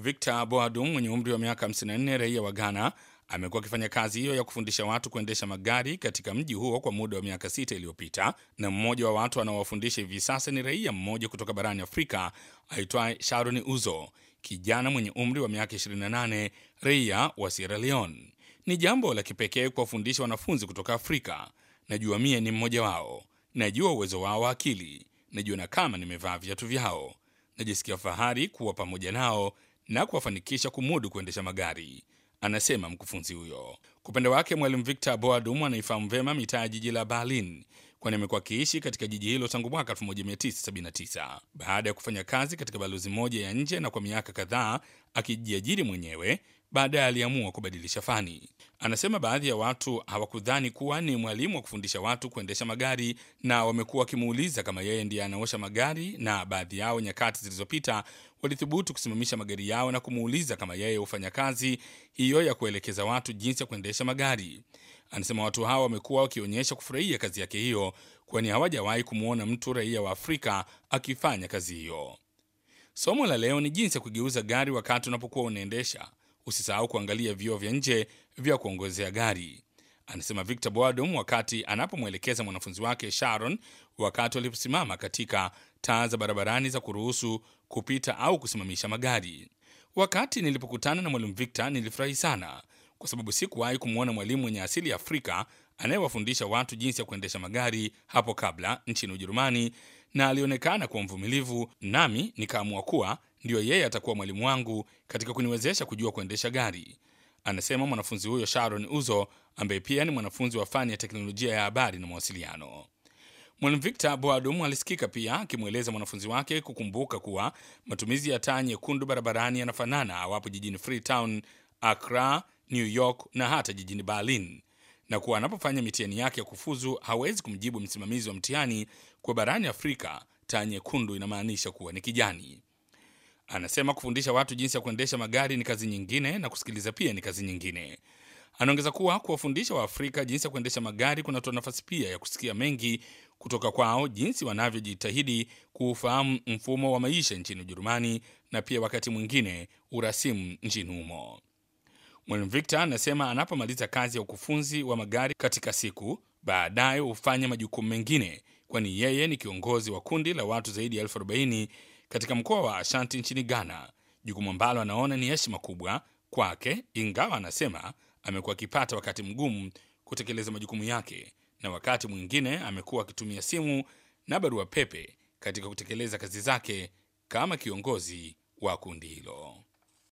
Victor Boadum mwenye umri wa miaka 54, raia wa Ghana, amekuwa akifanya kazi hiyo ya kufundisha watu kuendesha magari katika mji huo kwa muda wa miaka sita iliyopita, na mmoja wa watu anaowafundisha hivi sasa ni raia mmoja kutoka barani Afrika aitwaye Sharon Uzo, kijana mwenye umri wa miaka 28, raia wa Sierra leon Ni jambo la kipekee kuwafundisha wanafunzi kutoka Afrika. Najua mie ni mmoja wao, najua uwezo wao wa akili, najua na kama nimevaa viatu vyao, najisikia fahari kuwa pamoja nao na kuwafanikisha kumudu kuendesha magari, anasema mkufunzi huyo. Kwa upande wake, mwalimu Victor Boadum anaifahamu vyema mitaa ya jiji la Berlin kwani amekuwa akiishi katika jiji hilo tangu mwaka 1979 baada ya kufanya kazi katika balozi moja ya nje, na kwa miaka kadhaa akijiajiri mwenyewe baadaye aliamua kubadilisha fani. Anasema baadhi ya watu hawakudhani kuwa ni mwalimu wa kufundisha watu kuendesha magari na wamekuwa wakimuuliza kama yeye ndiye anaosha magari, na baadhi yao nyakati zilizopita walithubutu kusimamisha magari yao na kumuuliza kama yeye hufanya kazi hiyo ya kuelekeza watu jinsi ya kuendesha magari. Anasema watu hawa wamekuwa wakionyesha kufurahia kazi yake hiyo, kwani hawajawahi kumwona mtu raia wa Afrika akifanya kazi hiyo. Somo la leo ni jinsi ya kugeuza gari wakati unapokuwa unaendesha. Usisahau kuangalia vioo vya nje vya kuongozea gari, anasema Victor Boadum wakati anapomwelekeza mwanafunzi wake Sharon wakati waliposimama katika taa za barabarani za kuruhusu kupita au kusimamisha magari. Wakati nilipokutana na mwalimu Victor nilifurahi sana, kwa sababu sikuwahi kumwona mwalimu mwenye asili ya Afrika anayewafundisha watu jinsi ya kuendesha magari hapo kabla nchini Ujerumani, na alionekana kuwa mvumilivu, nami nikaamua kuwa ndiyo yeye atakuwa mwalimu wangu katika kuniwezesha kujua kuendesha gari, anasema mwanafunzi huyo Sharon Uzo, ambaye pia ni mwanafunzi wa fani ya teknolojia ya habari na mawasiliano. Mwalimu Victor Boadum alisikika pia akimweleza mwanafunzi wake kukumbuka kuwa matumizi ya taa nyekundu barabarani yanafanana awapo jijini Freetown, Accra, New York na hata jijini Berlin na kuwa anapofanya mitihani yake ya kufuzu hawezi kumjibu msimamizi wa mtihani kwa barani Afrika taa nyekundu inamaanisha kuwa ni kijani. Anasema kufundisha watu jinsi ya kuendesha magari ni kazi nyingine na kusikiliza pia ni kazi nyingine. Anaongeza kuwa kuwafundisha Waafrika jinsi ya kuendesha magari kunatoa nafasi pia ya kusikia mengi kutoka kwao, jinsi wanavyojitahidi kuufahamu mfumo wa maisha nchini Ujerumani na pia wakati mwingine urasimu nchini humo. Mwalimu Victor anasema anapomaliza kazi ya ukufunzi wa magari katika siku, baadaye hufanya majukumu mengine, kwani yeye ni kiongozi wa kundi la watu zaidi ya elfu arobaini katika mkoa wa Ashanti nchini Ghana, jukumu ambalo anaona ni heshima kubwa kwake, ingawa anasema amekuwa akipata wakati mgumu kutekeleza majukumu yake na wakati mwingine amekuwa akitumia simu na barua pepe katika kutekeleza kazi zake kama kiongozi wa kundi hilo.